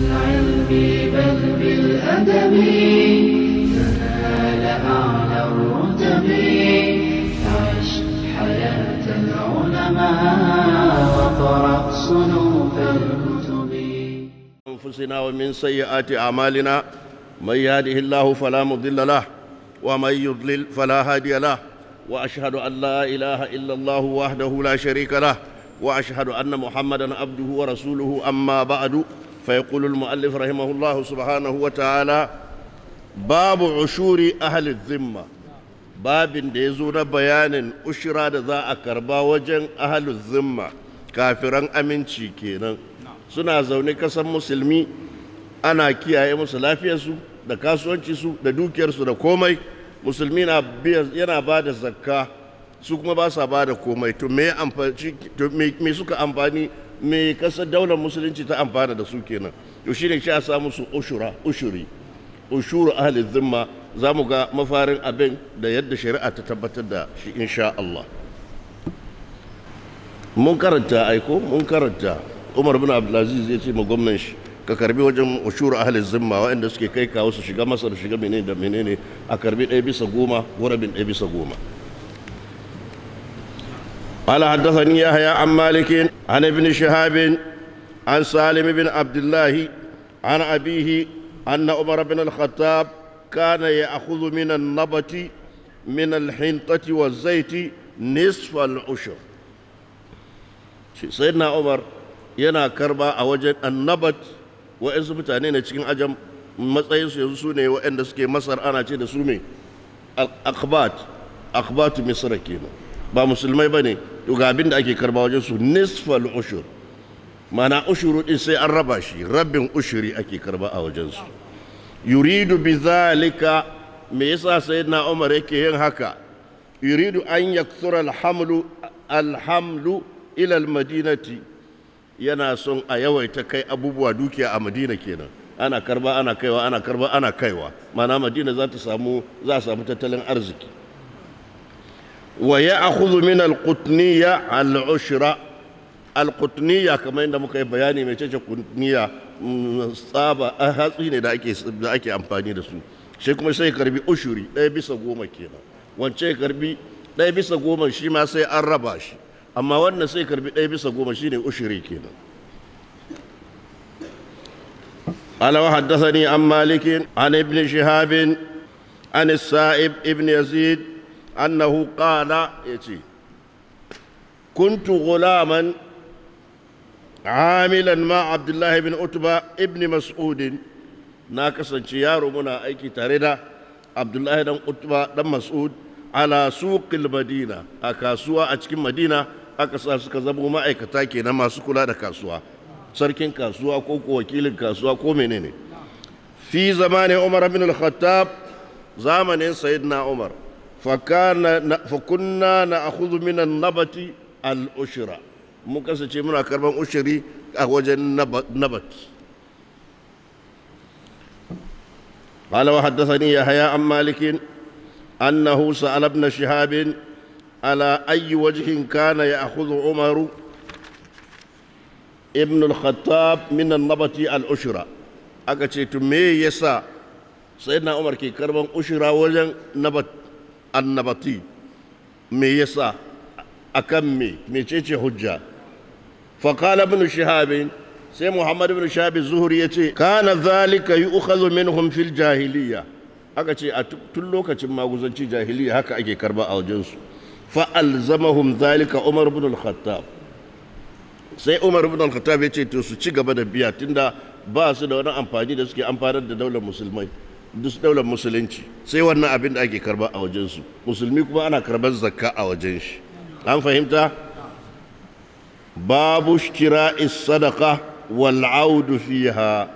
بالعلم بل بالأدب تنال أعلى الرتب عش حياة العلماء وقرأ صنوف الكتب أنفسنا ومن سيئات أعمالنا من يهده الله فلا مضل له ومن يضلل فلا هادي له واشهد ان لا اله الا الله وحده لا شريك له واشهد ان محمدا عبده ورسوله اما بعد فيقول المؤلف رحمه الله سبحانه وتعالى باب عشور أهل الذمة باب ديزون بيان أشرا ذا أكربا وجن أهل الذمة كافرا أمن شيكينا سنا زوني كسم مسلمي أنا كي أي مسلافي سو da kasuwanci su da dukiyarsu da komai musulmi yana ba da zakka su kuma ba sa ba da komai to me suka amfani mai kasar daular musulunci ta amfana da su kenan to shine shi a samu ushura ushuri ushuru ahli zimma za mu ga mafarin abin da yadda shari'a ta tabbatar da shi insha Allah mun karanta aiko mun karanta Umar bin Abdulaziz ya ce ma gwamnan shi ka karbi wajen ushuru ahli zimma waɗanda suke kai kawo su shiga Masar shiga menene da menene a karbi ɗaya bisa goma wurabin ɗaya bisa goma قال حدثني يحيى عن مالك عن ابن شهاب عن سالم بن عبد الله عن أبيه أن عمر بن الخطاب كان يأخذ من النبت من الحنطة والزيت نصف العشر سيدنا عمر ينا كربا أوجد النبت وإذا متانين cikin أجم matsayin su yanzu sune waɗanda suke Masar ana ce da su me akbat akbatu Misra kenan ba musulmai ba ne to ga abin da ake karba wajen su nisfal ushur mana ushuru din sai an raba shi rabin ushuri ake karba a wajen su yuridu bi zalika me yasa sayyidina umar yake yin haka yuridu an yakthura alhamlu alhamlu ila almadinati yana son a yawaita kai abubuwa dukiya a madina kenan ana karba ana kaiwa ana karba ana kaiwa mana madina za ta samu za a samu tattalin arziki ويأخذ من القطنية العشرة القطنية كما عندما كي بياني ما تشجع قطنية صابة أهزين دا أكي دا أكي أمباني رسو شيء كما شيء كربي أشري لا يبيس قوما كينا وان شيء كربي لا يبيس قوما شيء ما سي أرباش أما وان سي كربي لا يبيس قوما شيء أشري كينا قال وحدثني عن مالك عن ابن شهاب عن السائب ابن يزيد annahu qala yace kuntu ghulaman amilan ma Abdullahi ibn utba ibn mas'ud na kasance yaro muna aiki tare da abdullah dan utba dan mas'ud ala suqil madina a kasuwa a cikin madina aka sa suka zamo ma'aikata kenan masu kula da kasuwa sarkin kasuwa ko wakilin kasuwa ko menene fi zamanin umar bin al-khattab zamanin sayyidina umar fakunna na akudu minan nabati al’ushira mun kasance muna karban ushiri a wajen nabati ƙala wa haddasa ni ya haya an malikin annahu sa'alab na shihabin ala ayyi wajihin kana ya akudu umaru ibn al-khattab nabati al’ushira aka ce tun me yasa sa umar ke karban ushira wajen nabati annabati me yasa akan me mecece hujja فقال ابن شهاب sai muhammad bin shabi zuhuri ya ce kana zalika yi ukhazu minhum fil jahiliya aka ce a tun lokacin maguzanci jahiliya haka ake karba a wajensu fa alzamahum zalika umar bin al-khattab sai umar bin al-khattab ya ce to su ci gaba da biya tunda ba su da wani amfani da suke amfanar da daular musulmai duk daular musulunci sai wannan abin da ake karba a wajensu musulmi kuma ana karbar zakka a wajen shi an fahimta babu shira sadaka wal audu fiha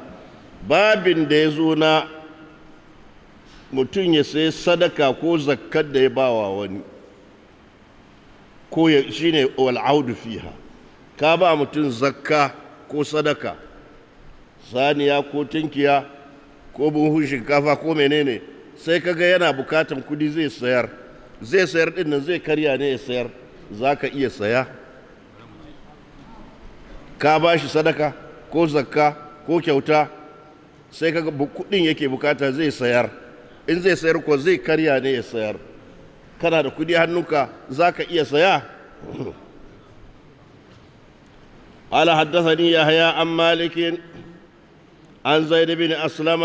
babin da ya zo na mutum ya sai sadaka ko zakkar da ya bawa wani ko ya shine wal audu fiha ka ba mutum zakka ko sadaka saniya ko tinkiya ko buhun shinkafa ko menene sai kaga yana bukatan kudi zai sayar zai sayar din nan zai karya ne ya sayar za ka iya saya ka ba shi sadaka ko zakka ko kyauta sai kaga kudin yake bukata zai sayar in zai sayar ko zai karya ne ya sayar kana da kudi hannunka za ka iya saya قال حدثني يحيى عن مالك عن زيد بن أسلم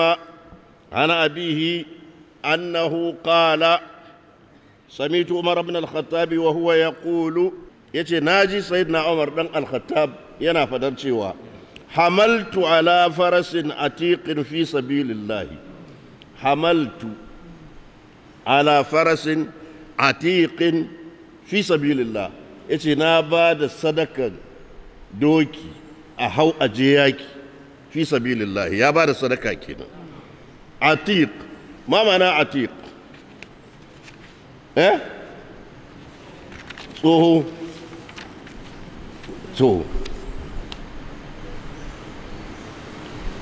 عن أبيه أنه قال سمعت عمر بن الخطاب وهو يقول يتي ناجي سيدنا عمر بن الخطاب ينا فدرتشيوا حملت على فرس عتيق في سبيل الله حملت على فرس عتيق في سبيل الله يتي نابا صدقة دوكي أهو أجياكي fi sabilillahi ya ba da sadaka kenan atiq ma mana atiq eh tsoho tsoho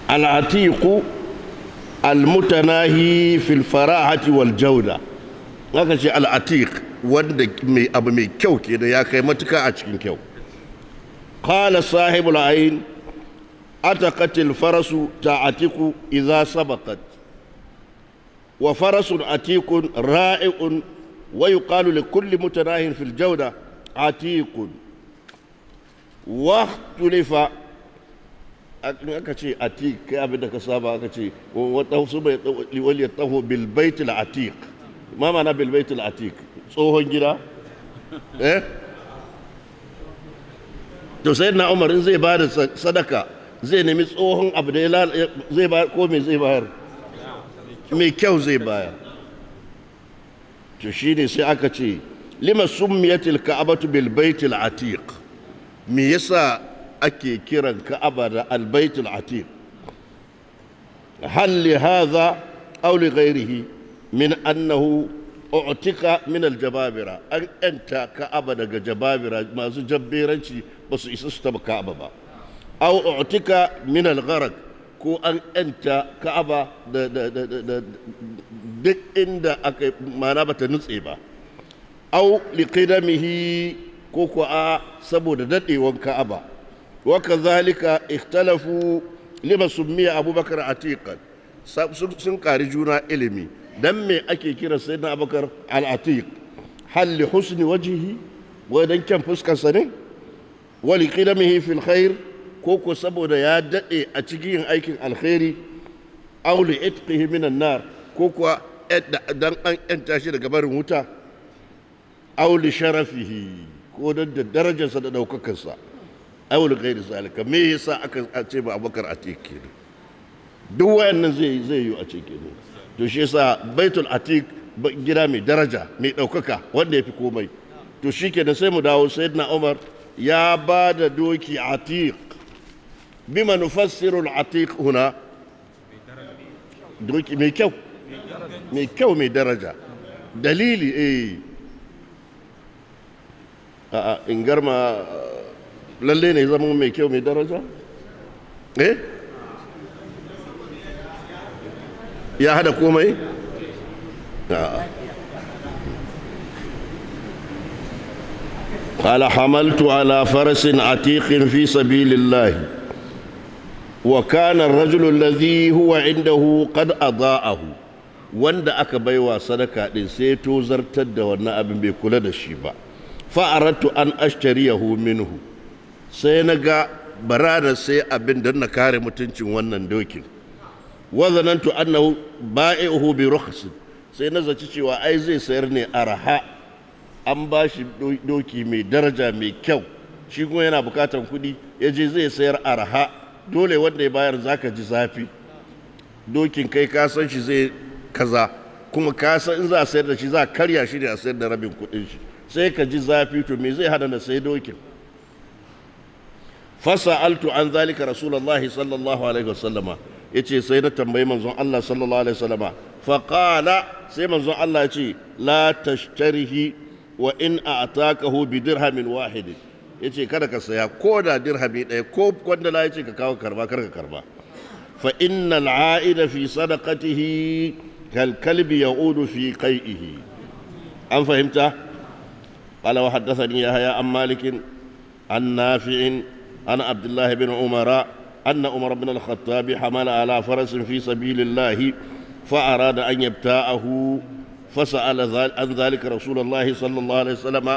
mutanahi almutanahi fil farahati wal jawda haka ce atiq wanda mai abu mai kyau ke ya kai matuka a cikin kyau qala sahibul ayn atakatil farasu ta atiku iza sabakat wa farasu atiku ra'i'un wa yuqalu li kulli mutarahin fil jawda atikun wa tulifa akin aka ce atik kai abin da ka saba aka ce wa tawsu bai tawli wal atik ma mana atik tsohon gida eh to sayyidina umar in zai bada sadaka zai nemi tsohon abu da zai bayar ko mai zai bayar mai kyau zai bayar to shi ne sai aka ce lima summiyatil ka'abatu bil baitil atiq me yasa ake kiran ka'aba da al baitil atiq hal li hadha aw li ghayrihi min annahu u'tika min al jababira an anta ka'aba daga jababira masu jabberanci basu isa su taba ka'aba ba aw u'tika min al ko an yanta ka'aba da duk inda aka mana bata nutse ba aw liqidamihi ko ko a saboda dadewan ka'aba wa kadhalika ikhtalafu lima summiya abubakar atiqan sun kari juna ilimi dan me ake kira sayyidina abubakar al-atiq hal li husni wajhihi wa dan kyan fuskarsa ne wa liqidamihi fil khair ko saboda ya daɗe a cikin aikin alkhairi auli itqihi minan nar ko kuwa dan an yanta shi daga barin wuta auli sharafihi ko don da darajarsa da ɗaukakarsa auli ghairi zalika me yasa aka ce ba abubakar a teke duk wayannan zai zai yi a cike ne to shi yasa baitul atik gida mai daraja mai ɗaukaka wanda ya fi komai to shi da sai mu dawo sayyidina umar ya ba da doki atiq بما نفسر العتيق هنا مي كو مي كو مي درجة دليلي اي آه،, آه ان جرما للي ne zama mai kyau mai daraja eh ya hada آه. قال حملت على فرس عتيق في سبيل الله wa kana rajulun lazi huwa indahu a wanda aka baiwa sadaka din sai to zartar da wannan abin bai kula da shi ba fa aradtu an ashtariyahu minhu sai na ga barana sai abin don na kare mutuncin wannan dokin wazanantu annahu ba'i'uhu bi rukhsin sai na zaci cewa ai zai sayar ne araha an ba shi doki mai daraja mai kyau shi kuma yana bukatan kuɗi ya je zai sayar araha dole wanda ya bayar zaka ji zafi dokin kai ka san shi zai kaza kuma ka san in za a sayar da shi za a karya shi ne a sayar da rabin kuɗin shi sai ka ji zafi to me zai hada na sai dokin altu an zalika rasulullahi sallallahu alaihi wasallama yace sai na tambayi manzon Allah sallallahu alaihi wasallama fa qala sai manzon Allah yace la tashtarihi wa in a'takahu bi dirhamin wahidin ya ce kada ka saya ko da dirhami ɗaya ko kwandala ya ce ka kawo karba kar ka karba fa inna al'aida fi sadaqatihi kal kalbi ya'udu fi qai'ihi an fahimta qala wa haddathani yahya an malikin an nafi' an Abdullahi bin umara anna umar bin al-khattab hamala ala faras fi sabilillah fa arada an yabta'ahu فسأل عن ذلك رسول الله صلى الله عليه وسلم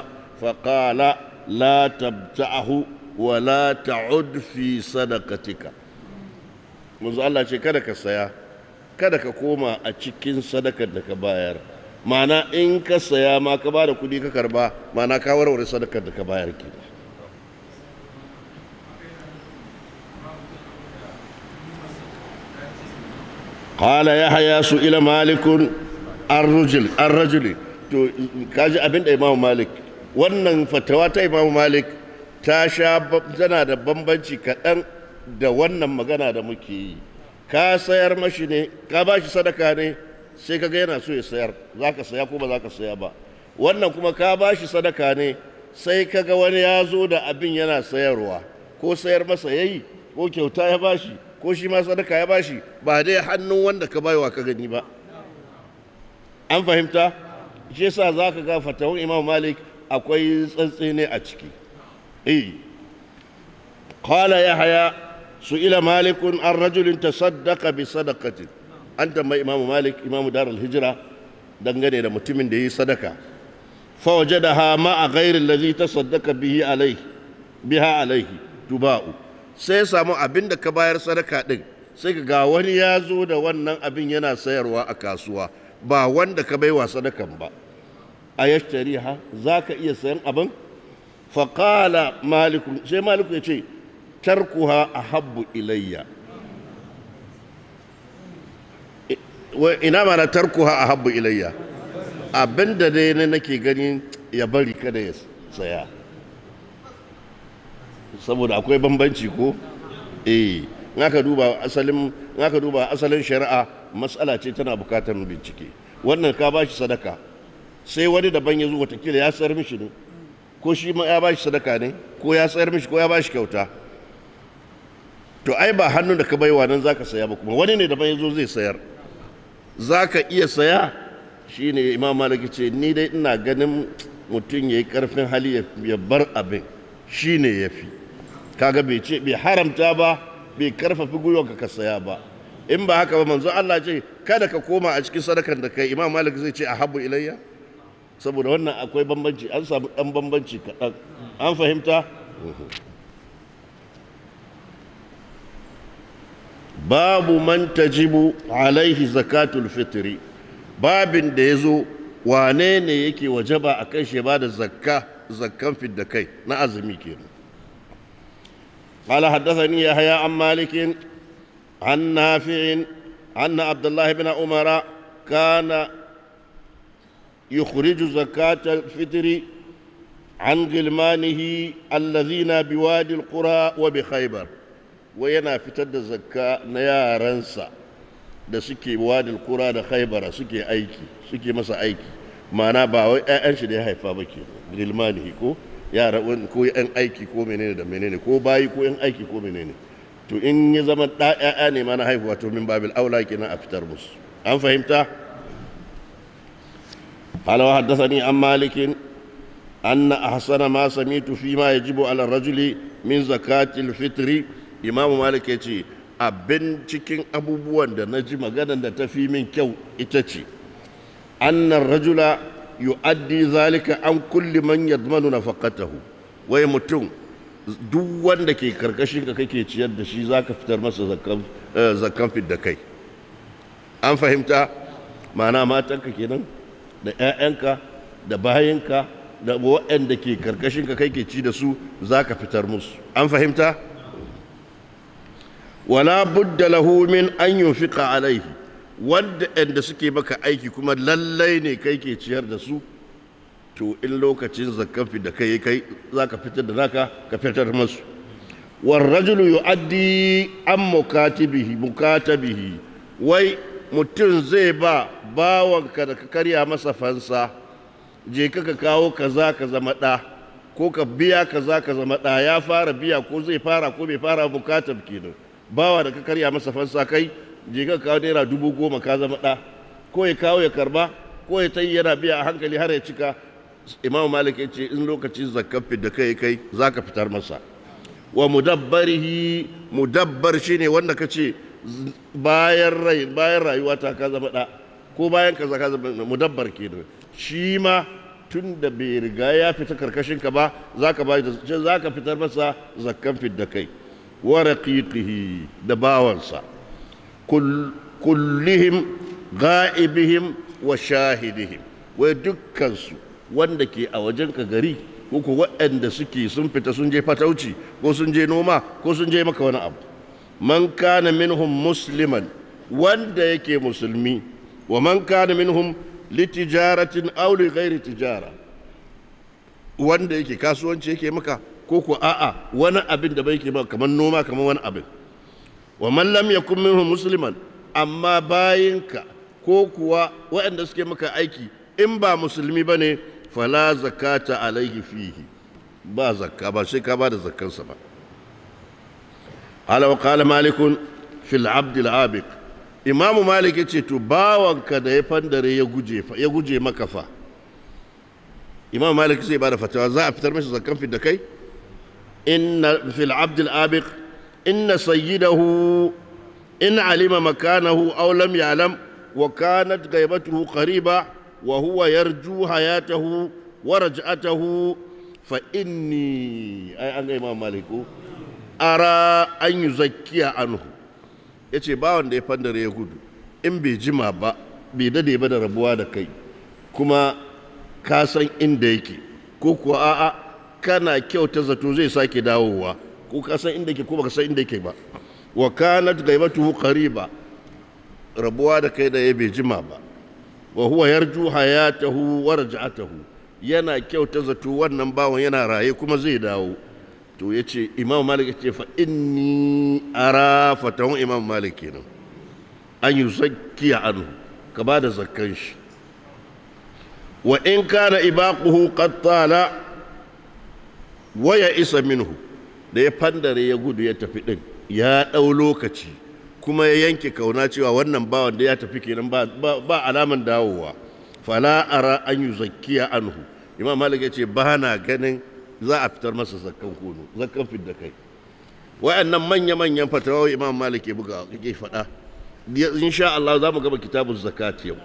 فقال la tabta'ahu wa la ta'ud fi sadaqatika manzo Allah ce kada ka saya kada ka koma a cikin sadakar da ka bayar Ma'ana in ka saya ma ka bada kudi kuɗi ka karba Ma'ana ka warware sadakar da ka bayar ke haya su ila malikun an rajuli to kaji abin da imamu Malik wannan fatawa ta imam malik ta sha tana da bambanci kaɗan da wannan magana da muke yi ka sayar mashi ne ka ba shi sadaka ne sai ka ga yana so ya sayar za ka saya ko ba za ka saya ba wannan kuma ka ba shi sadaka ne sai ka ga wani ya zo da abin yana sayarwa ko sayar masa ya yi, ko kyauta ya ba shi ko shi ma sadaka ya ba shi ba dai hannun wanda ka baiwa ka gani ba an fahimta shi yasa za ka ga fatawun imam malik akwai tsantsi ne a ciki eh qala su ila malikun an rajulin tasaddaqa bi sadaqatin an tambayi imamu malik imamu darul hijira dangane da mutumin da yi sadaka fa da ma'a ghairi allazi tasaddaqa bihi alayhi biha alayhi tuba'u sai samu abin da ka bayar sadaka din sai ga wani ya zo da wannan abin yana sayarwa a kasuwa ba wanda ka baiwa sadakan ba a yashtari ha za ka iya sayan abin faƙala malikun sai malikun ya ce tarkuha a habbu ilayya e, ina mana tarkuha a habbu ilayya abin da dai ne nake gani ya bari kada ya saya saboda akwai bambanci ko eh naka duba asalin naka duba asalin shari'a matsala ce tana bukatar bincike wannan ka bashi sadaka sai wani daban ya zo watakila ya tsayar mishi ne ko shi ma ya ba shi sadaka ne ko ya tsayar mishi ko ya ba shi kyauta to ai ba hannun da ka baiwa nan zaka saya ba kuma wani ne daban ya zo zai sayar zaka iya saya shi ne imam maliki ce ni dai ina ganin mutum ya yi karfin hali ya bar abin shi ne ya fi kaga bai ce bai haramta ba bai karfafi gwiwanka ka saya ba in ba haka ba manzo Allah ce kada ka koma a cikin sadakar da kai imam malik zai ce a habu ilayya saboda wannan akwai bambanci an samu ɗan bambanci kaɗan an fahimta babu man tajibu alaihi zakatul fitri babin da ya zo wane ne yake wajaba a kan shi ba da zakka zakkan da kai na azumi kenan قال حدثني يحيى عن مالك عن نافع أن عبد الله بن عمر كان يخرج زكاة الفطر عن غلمانه الذين بوادي القرى وبخيبر وينا فتد الزكاة نيارنسا da suke wadin kura da khaibara suke aiki suke masa aiki mana ba wai 'ya'yan shi da ya haifa ba ke gilmanihi ko yara ko 'yan aiki ko menene da menene ko bayi ko 'yan aiki ko menene to in ya zama ɗa'ya'ya ne mana haihuwa to min babil aula kenan a fitar musu an fahimta قال وحدثني عن مالك أن أحسن ما سميت فيما يجب على الرجل من زكاة الفطر إمام مالك يتي abin cikin abubuwan da na ji maganar da ta fi min kyau ita ce annan rajula yu'addi zalika an kulli man yadmanu nafaqatahu wai mutum duk wanda ke karkashin ka kake ciyar da shi zaka fitar masa zakan da kai an fahimta ma'ana matanka kenan da 'ya'yanka da bayanka da waɗanda ke karkashinka kai ke ci da su za ka fitar musu an fahimta wala budda lahu min an yunfiqa alaihi wanda suke maka aiki kuma lallai ne kai ke ciyar da su to in lokacin zakafi da kai kai za ka fitar da naka ka fitar musu. masu warrajulu yu'addi an mukatabihi mukatabihi wai mutum zai ba bawanka da ka karya masa fansa je ka ka kawo kaza ka zama ɗa ko ka biya kaza ka zama ɗa ya fara biya ko zai fara ko bai fara bukatar kenan bawa da ka karya masa fansa kai je ka kawo naira dubu goma ka zama ɗa ko ya kawo ya karba ko ya yi yana biya a hankali har ya cika imam malik ya ce in lokacin zakafi da kai kai za ka fitar masa wa mudabbarihi mudabbar ne wanda ka ce bayan rai bayan rayuwa ta ka zama da ko bayan kaza ka zama mudabbar da shi ma tun da bai riga ya fita karkashin ka ba zaka ba zaka fitar masa zakkan fidda kai wa raqiqihi da bawansa kullihim ga'ibihim wa shahidihim wai dukkansu wanda ke a wajen ka gari ko waɗanda suke sun fita sun je fatauci ko sun je noma ko sun je maka wani abu man kana minhum musliman wanda yake musulmi wa man kana minhum litijaratin aw li ghairi tijara wanda yake kasuwanci yake maka ko ko a'a wani abin da bai ke maka kamar noma kaman wani abin wa man lam yakun minhum musliman amma bayinka ko kuwa waɗanda suke maka aiki in ba musulmi bane fala zakata alaihi fihi ba zakka ba sai ka ba da zakkansa ba قال وقال مالك في العبد العابق إمام مالك يتي تباوان كده يفندر يجوجي يجوجي مكفا إمام مالك زي بعرف فتوى أفتر مش زكام في الدكي إن في العبد العابق إن سيده إن علم مكانه أو لم يعلم وكانت غيبته قريبة وهو يرجو حياته ورجعته فإني أي أنا إمام مالك ara an yi zakiya anhu ya ce bawan da ya fandare ya gudu in bai jima ba bai dade ba da rabuwa da kai kuma ka san inda yake ko kuwa a'a kana kyauta zato zai sake dawowa ko ka san inda yake ko baka san inda yake ba wa kanat gaibatuhu qariba rabuwa da kai da ya bai jima ba wa huwa yarju hayatahu wa raj'atahu yana kyauta zato wannan bawan yana raye kuma zai dawo to ya ce imam malik ya ce fa inni ara fatawan imam malik kenan an yi zakiya anu ka ba da zakkan shi wa in kana ibaquhu qad tala wa ya isa minhu da ya fandare ya gudu ya tafi din ya dau lokaci kuma ya yanke kauna cewa wannan bawan da ya tafi kenan ba ba alaman dawowa fala ara an yi zakiya anhu imam malik ya ce ba na ganin za a fitar masa zakkan kono zakkan fidda kai wa'annan manya-manyan fatawa imam malik ya buga yake faɗa insha Allah za mu gaba kitabun zakat yau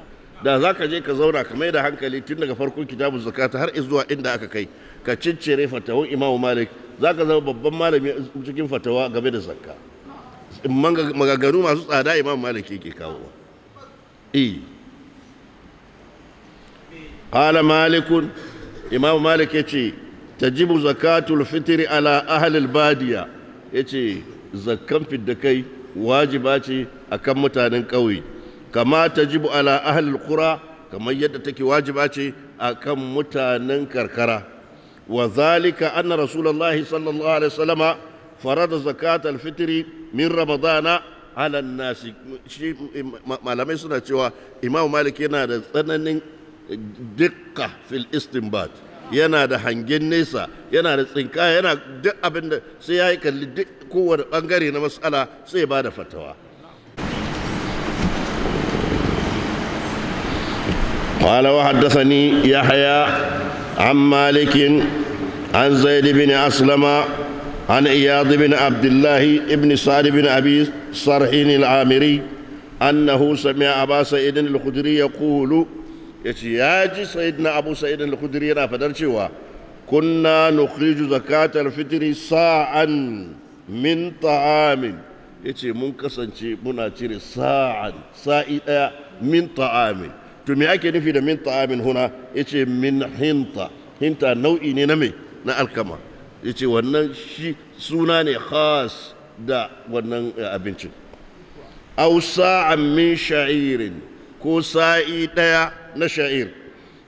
da za ka je ka zauna ka mai da hankali tun daga farkon kitabun zakata har zuwa inda aka kai ka ciccire fatawun imam malik za ka zama babban malami cikin fatawa game da zakka magagaru masu tsada imam malik yake kawo e eh. qala malikun imamu malik yace tajibu zakatul fitri ala ahlil badiya yace zakkan fidda kai wajiba ce akan mutanen ƙauye kama tajibu ala ahlil qura kamar yadda take wajiba ce akan mutanen karkara wa zalika anna rasulullahi sallallahu alaihi wasallama farada zakatul fitri min ramadana ala nasi shi malamai suna cewa imam malik yana da tsananin dukka fil istinbat yana da hangen nesa yana da tsinka yana duk abin da sai ya yi kalli duk kowane bangare na matsala sai ba da fatawa قال وحدثني يحيى عن مالك عن زيد بن أسلم عن إياض بن عبد الله بن سعد بن أبي صرح العامري أنه سمع أبا سعيد الخدري يقول ya ce ya ji sayidina abu sa'idin al-khudri yana fadar cewa kunna nukhriju zakatar fitiri sa'an min ta'amin ya ce mun kasance muna cire sa'an sa'i ɗaya min ta'amin to me ake nufi da min ta'amin huna ya ce min hinta hinta nau'i ne na mai na alkama ya ce wannan shi suna ne khas da wannan eh, abincin au sa'an min sha'irin ko sa'i ɗaya na sha'ir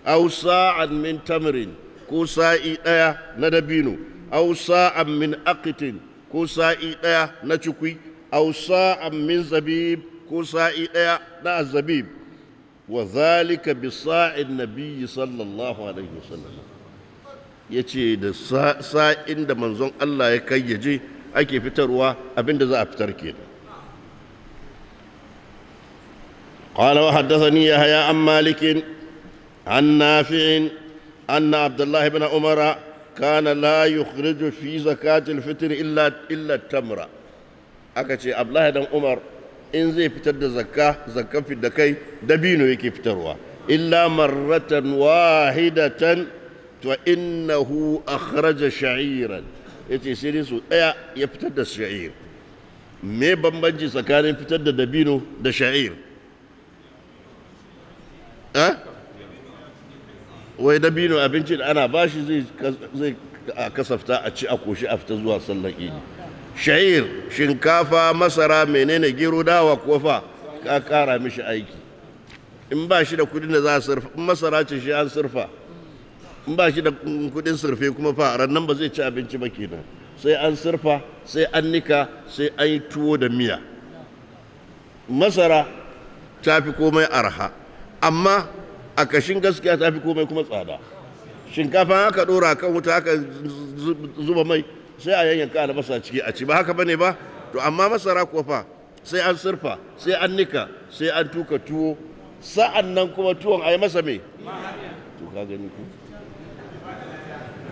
aw sa'an min tamrin ko sa'i ɗaya na dabino aw sa'an min aqitin ko sa'i ɗaya na cikwi aw sa'an min zabib ko sa'i ɗaya na zabib wa zalika bi sa'in nabiyyi sallallahu alaihi wasallam yace da sa'in da manzon Allah ya kayyaje ake fitarwa abinda za a fitar kenan قال وحدثني يحيى عن مالك عن نافع أن عبد الله بن عمر كان لا يخرج في زكاة الفطر إلا إلا التمرة أكتشي عبد الله بن عمر إن زي فتر زكاة زكاة في الدكاي دبينو يكي فتروا إلا مرة واحدة فإنه أخرج شعيرا yace sai dai su ɗaya ya fitar da sha'ir me bambanci tsakanin fitar da dabino da sha'ir Eh? wai dabino abinci da ana bashi zai kasafta a ci a koshi a fita zuwa sallar idi sha'ir shinkafa masara menene gero dawa ko ka kara mishi aiki in ba shi da kudin da za a surfa in masara ce shi an surfa in ba shi da kudin surfe kuma fa rannan ba zai ci abinci ba kenan sai an surfa sai an nika sai an yi tuwo da miya masara ta fi komai arha amma a kashin gaskiya ta fi komai kuma tsada shinkafa aka dora kan wuta aka zuba mai sai a yanyanka albasa ciki a ci ba haka bane ba to amma masara kuwa fa sai an surfa sai an nika sai an tuka tuwo sa'an nan kuma tuwon a yi masa me to ka gani ku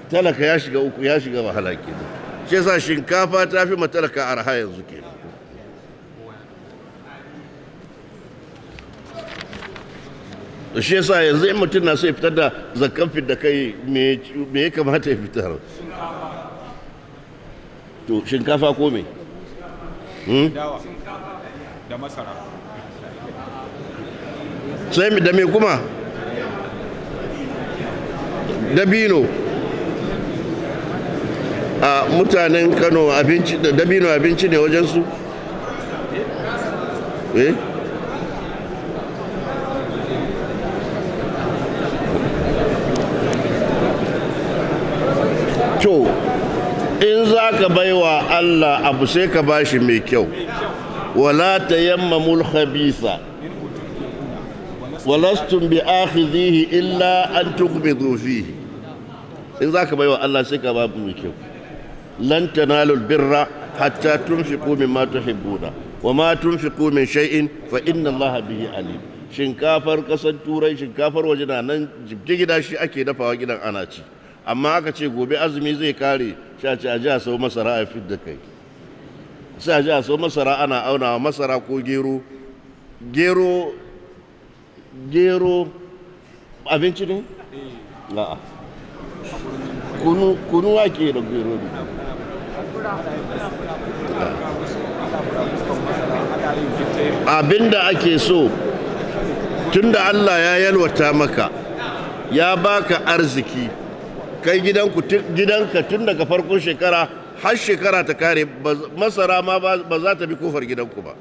talaka ya shiga uku ya shiga wahala kenan shi yasa shinkafa ta fi matalaka arha yanzu kenan to shi yasa yanzu in mutum na so ya fitar da zakkan da kai me ya kamata ya fitar to shinkafa ko me hmm? da masara sai da me kuma dabino a mutanen kano abinci dabino abinci ne wajensu eh to in za ka baiwa Allah abu sai ka bashi mai kyau wala tayammamul khabisa walastum bi zihi illa an tughmidu zofi in za ka baiwa Allah sai ka ba mai kyau lan tanalul birra hatta tunfiqu mimma tuhibbuna tun fi komin shai'in fa inna Allah bihi alim shinkafar kasar turai shinkafar waje na nan jibge gida shi ake dafawa gidan ana ci amma aka ce gobe azumi zai kare shi a ce a jiya sau masara a fit da kai sai a jiya a sau masara ana aunawa masara ko gero gero gero abinci ne? la'a kunu ake da gero ne abinda ake so tunda Allah ya yalwata maka ya baka arziki kai gidanka tun daga farkon shekara har shekara ta kare masara ma ba za ta bi kofar gidanku ba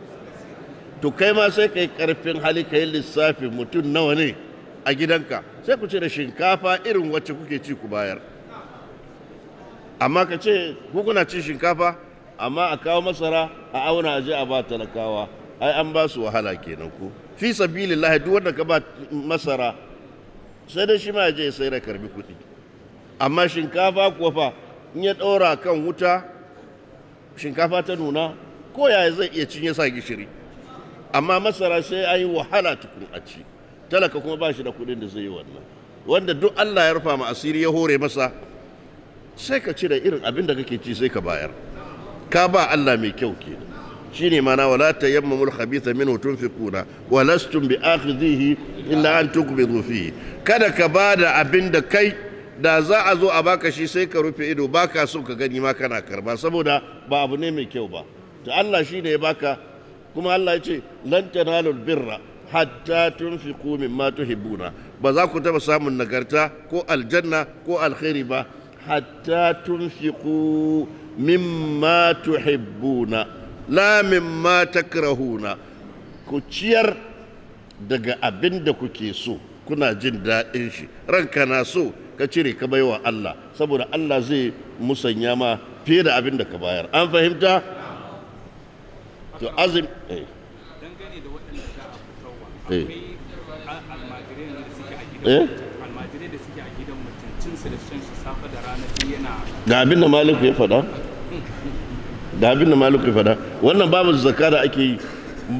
to kai ma sai kai karfin hali ka yi lissafi mutum nawa ne a gidanka sai ku ce da shinkafa irin wacce kuke ci ku bayar amma ka ce kuna cin shinkafa amma a kawo masara a auna a je a ba talakawa ai an ba su wahala kenan ku. fi sabilillah duk wanda ka ba masara sai dai shi ma ya je sai da karbi kuɗi amma shinkafa kuwa fa in ya ɗora kan wuta shinkafa ta nuna ko ya zai iya cinye sa gishiri amma masara sai ayi yi wahala tukun a ci talaka kuma ba shi da kuɗin da zai yi wannan wanda duk Allah ya rufa ma asiri ya hore masa sai ka cire irin abin da kake ci sai ka bayar ka ba Allah mai kyau shi shine mana wala tayammamul min minhu fi kuna walastun bi akhidhihi illa an tuqbidu fihi kada ka ba da abin da kai da za a zo a baka shi sai ka rufe ido Ba ka so ka gani ma kana karba saboda ba abu ne mai kyau ba to Allah shi ne ya baka kuma Allah ya ce lan tanalul birra hatta tunfiqu mimma tuhibbuna ba za ku taba samun nagarta ko aljanna ko alkhairi ba hatta tunfiqu mimma tuhibbuna la mimma takrahuna ku ciyar daga abin da kuke so kuna jin daɗin shi ranka na so ka cire ka baiwa Allah saboda Allah zai musanya ma fiye da abin da ka bayar an fahimta to azim eh dangane da waɗanda za a eh. da eh? da da abin da maliku ya faɗa Da abin da maliku ya faɗa wannan babu zakka da ake yi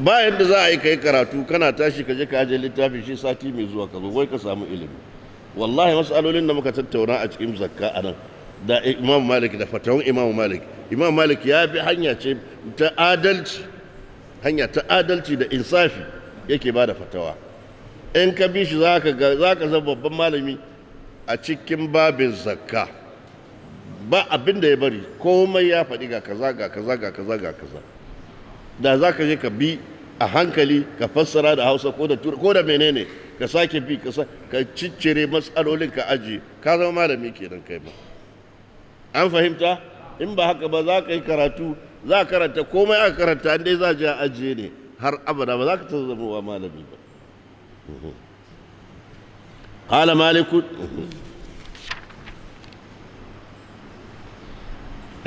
bayan da za a yi yi karatu kana tashi ka je ka aje littafin shi sati mai zuwa ka zo wai ka samu ilimi wallahi matsalolin da muka tattauna a cikin zakka a nan da imam malik da fatawan imam malik imam malik ya bi hanya ce ta adalci hanya ta adalci da insafi yake ba da fatawa in ka bi shi za ka zama babban malami a cikin babin zakka ba abin da ya bari komai ya faɗi ga kaza ga kaza ga kaza ga kaza da za ka je ka bi a hankali ka fassara da hausa ko da menene ka sake bi ka ciccire matsalolin ka aji ka zama malami kenan kai ma an fahimta in ba haka ba za ka yi karatu za ka karanta komai a karanta dai za ji ajiye ne har abada ba za ka ta zama malami ba قال مالك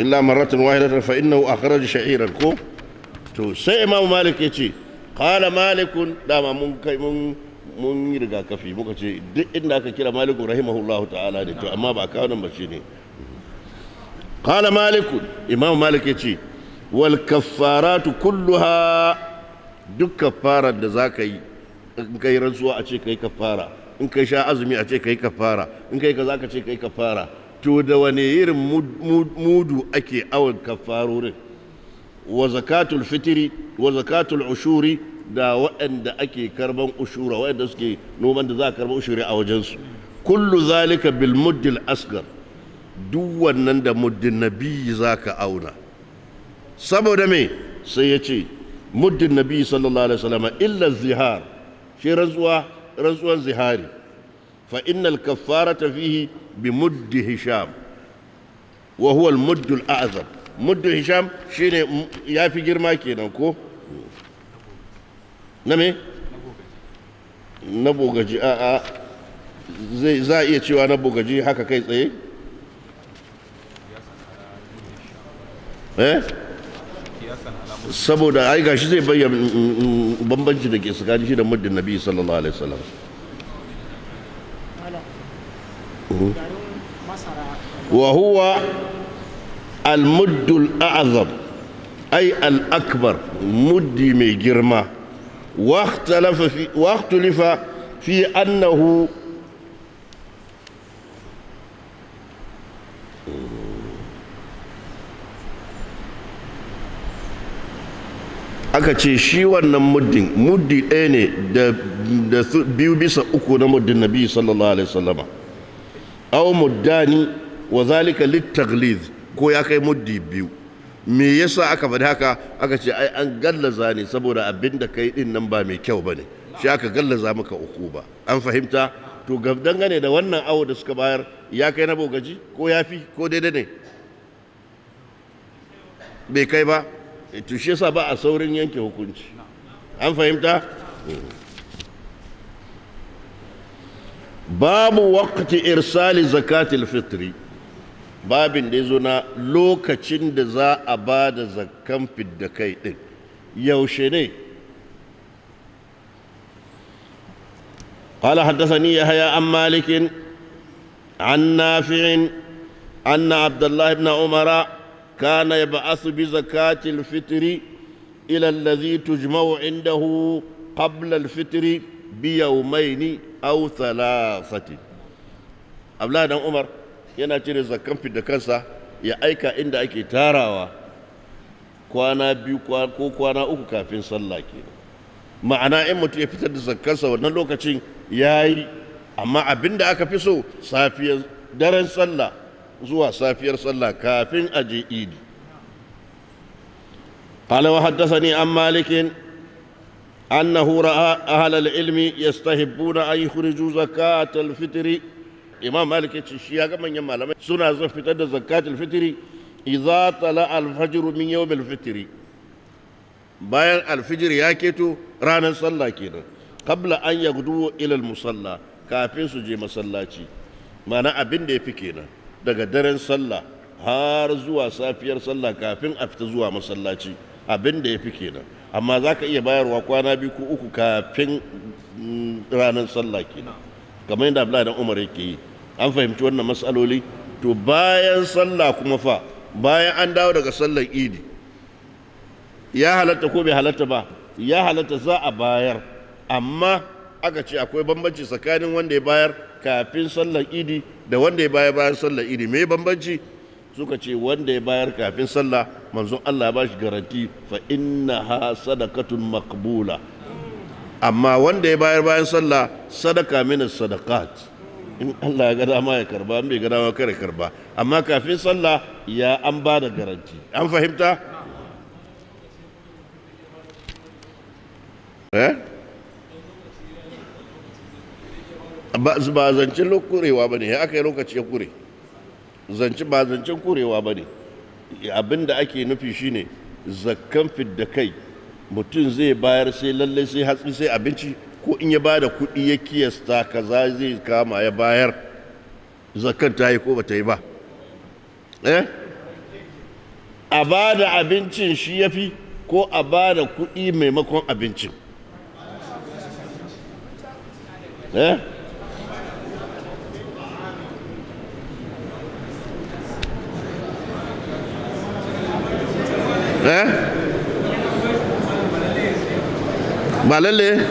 إلا مرة واحدة فإنه أخرج شعيرا كو تو سي إمام مالك يتي قال mun kai mun. mun yi rigakafi muka ce duk inda aka kira maliku rahimahullahu ta'ala da to amma ba kawo nan ba shi ne qala maliku imam malik ya ce wal kaffaratu kulluha duk kafara da zaka yi in kai rantsuwa a ce kai kafara in kai sha azumi a ce kai kafara in kai kaza ka ce kai kafara to da wane irin mudu ake awon kafarorin wa zakatul fitiri wa zakatul ushuri da waɗanda ake karban ushura waɗanda suke noman da za a karba ushuri a wajensu kullu zalika bil muddil asgar duk wannan da muddin nabi za ka auna saboda me sai ya ce muddin nabi sallallahu alaihi wasallam illa zihar shi rantsuwa rantsuwan zihari fa innal kaffarata fihi bi muddi hisham wa huwa al muddul a'zam muddu hisham shine yafi girma kenan ko نمي نبوغجي آآ آه، آآ آه. زي زي يشيو إيه أنا بوغجي هكا كيس إيه إيه سبو دا أيها الشيء زي بيا بمبنجي دكي سكاني شيء دمد النبي صلى الله عليه وسلم يعني وهو المد الأعظم أي الأكبر مد مي جرمه واختلف في, annahu. أنه aka ce shi wannan muddin muddi ɗaya ne da biyu bisa uku na muddin nabi sallallahu alaihi wasallama aw muddani wa zalika littagliz ko ya kai muddi biyu me yasa aka faɗi haka aka ce ai an gallaza ne saboda abin da kai din nan ba mai kyau bane shi aka gallaza maka uku ba an fahimta to dangane da wannan awo da suka bayar ya kai na bogaji ko ya fi ko daidai ne bai kai ba eh, to shi yasa ba a saurin yanke hukunci an fahimta babu waqti irsali zakatil fitri babin da yazo na lokacin da za a bada zakkan fidda kai din yaushe ne قال حدثني يحيى عن مالك عن نافع أن عبد الله بن عمر كان يبعث بزكاة الفطر إلى الذي تجمع عنده قبل الفطر بيومين أو ثلاثة أبلا عمر yana cire zakan da kansa ya aika inda ake tarawa kwana biyu ko kwana uku kafin sallah ke ma'ana in mutum ya fitar da zakkarsa wannan lokacin ya yi amma abin da aka fi so safiyar daren sallah zuwa safiyar sallah kafin a je idi قال haddasa عن مالك أنه رأى أهل العلم يستحبون أن يخرجوا زكاة الفطر imam malik ya ce shi ya ga manyan malamai suna zan fitar da zakatul fitiri idza tala al-fajr min yawm al-fitri bayan al-fajr ya keto ranar sallah kenan kabla an yaghdu ila al-musalla kafin su je masallaci ma'ana abin da yafi kenan daga daren sallah har zuwa safiyar sallah kafin a fita zuwa masallaci abin da yafi kenan amma zaka iya bayarwa kwana biyu ko uku kafin mm, ranar sallah kenan kamar yadda Abdullahi dan Umar yake yi an fahimci wannan matsaloli to bayan sallah kuma fa bayan an dawo daga sallar idi ya halatta ko bai halatta ba ya halatta za a bayar amma aka ce akwai bambanci tsakanin wanda ya bayar kafin sallar idi da wanda ya bayar bayan sallar idi me bambanci suka ce wanda ya bayar kafin sallah manzon Allah ba shi garanti fa inna ha sadakatun maqbula amma wanda ya bayar bayan sallah sadaka min sadaqat in Allah ya ga dama ya karba an bai ga dama kare karba amma kafin sallah ya an ba da garanti an fahimta eh ba zancen kurewa ba ne ya aka yi lokaci ya kure zanci ba zancen kurewa ba ne abin da ake nufi shine zakkan fidda kai mutum zai bayar sai lallai sai hatsi sai abinci ko in ya bada kuɗi ya kiyasta kaza zai kama ya bayar zakar ta yi ko ba ta yi ba eh a bada abincin shi ya fi ko a ba da kuɗi maimakon abincin eh eh ba lalle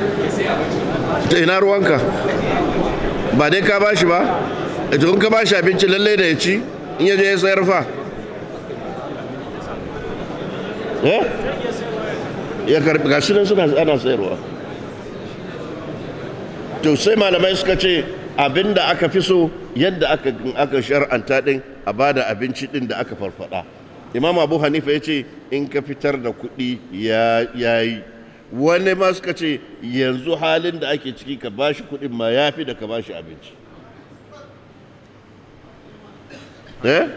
ta ina ruwanka ba dai ka ba shi ba eh, ita ka ba shi abinci lalle da ya ci in ya je ya sayar fa eh? ya karbi ga shirin suna ana sayarwa to sai malamai suka ce abin da aka fi so yadda aka aka shar'anta din a bada abinci din da aka farfada imam abu hanifa ya ce in ka fitar da kuɗi ya yi wani ma suka ce yanzu halin da ake ciki ka bashi kuɗin ma ya fi da ka bashi abinci eh?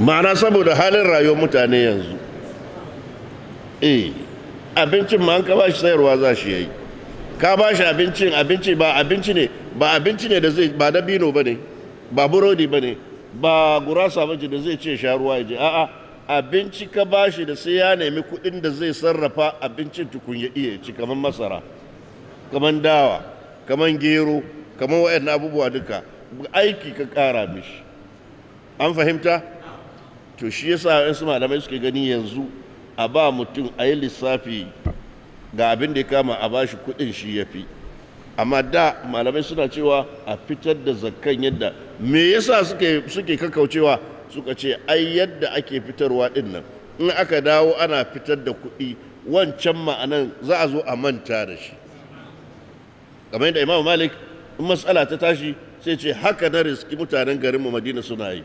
ma'ana saboda halin rayuwar mutane yanzu eh, abincin ma an ka bashi sayarwa za shi ya yi, ka bashi abincin abinci ba abinci ne ba abinci ne da zai ba dabino ne ba burodi ba ne. ba gurasa ba da zai ce sha ruwa ya je a'a abinci ka bashi da sai ya nemi kuɗin da zai sarrafa abincin tukun ya iya ci kamar masara kamar dawa kamar gero kamar waɗannan abubuwa duka aiki ka ƙara mishi an fahimta to shi yasa wasu malamai suke gani yanzu a ba mutum a yi lissafi ga abin da ya kama a ba shi kuɗin shi ya fi amma da malamai suna cewa a fitar da zakkan yadda me yasa suke suke kakaucewa suka ce ai yadda ake fitarwa din nan in aka dawo ana fitar da kuɗi wancan ma'anan za a zo a manta da shi kamar da imam malik in matsala ta tashi sai ce haka na riski mutanen garin mu madina suna yi